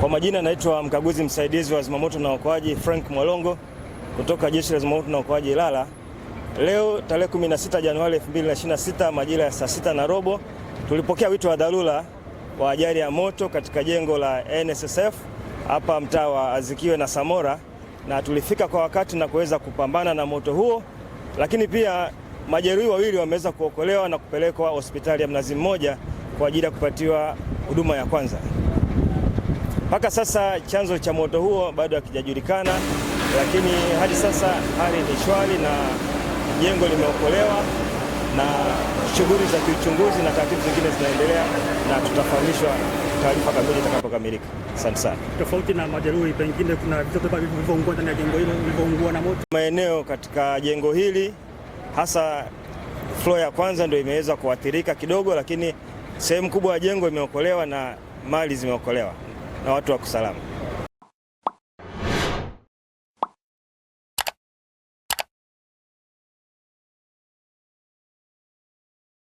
Kwa majina naitwa mkaguzi msaidizi wa zimamoto na uokoaji Frank Mwalongo kutoka jeshi la zimamoto na uokoaji Ilala. Leo tarehe 16 Januari 2026 majira ya saa sita na robo tulipokea wito wa dharura wa ajali ya moto katika jengo la NSSF hapa mtaa wa Azikiwe na Samora, na tulifika kwa wakati na kuweza kupambana na moto huo, lakini pia majeruhi wawili wameweza kuokolewa na kupelekwa hospitali ya Mnazi Mmoja kwa ajili ya kupatiwa huduma ya kwanza. Mpaka sasa chanzo cha moto huo bado hakijajulikana, lakini hadi sasa hali ni shwari na jengo limeokolewa na shughuli za kiuchunguzi na taratibu zingine zinaendelea na tutafahamishwa taarifa kamili itakapokamilika. Asante sana. Tofauti na majeruhi, pengine kuna vitoto vilivyoungua ndani ya jengo hilo vilivyoungua na moto. Maeneo katika jengo hili hasa floor ya kwanza ndio imeweza kuathirika kidogo, lakini sehemu kubwa ya jengo imeokolewa na mali zimeokolewa na watu wako salama.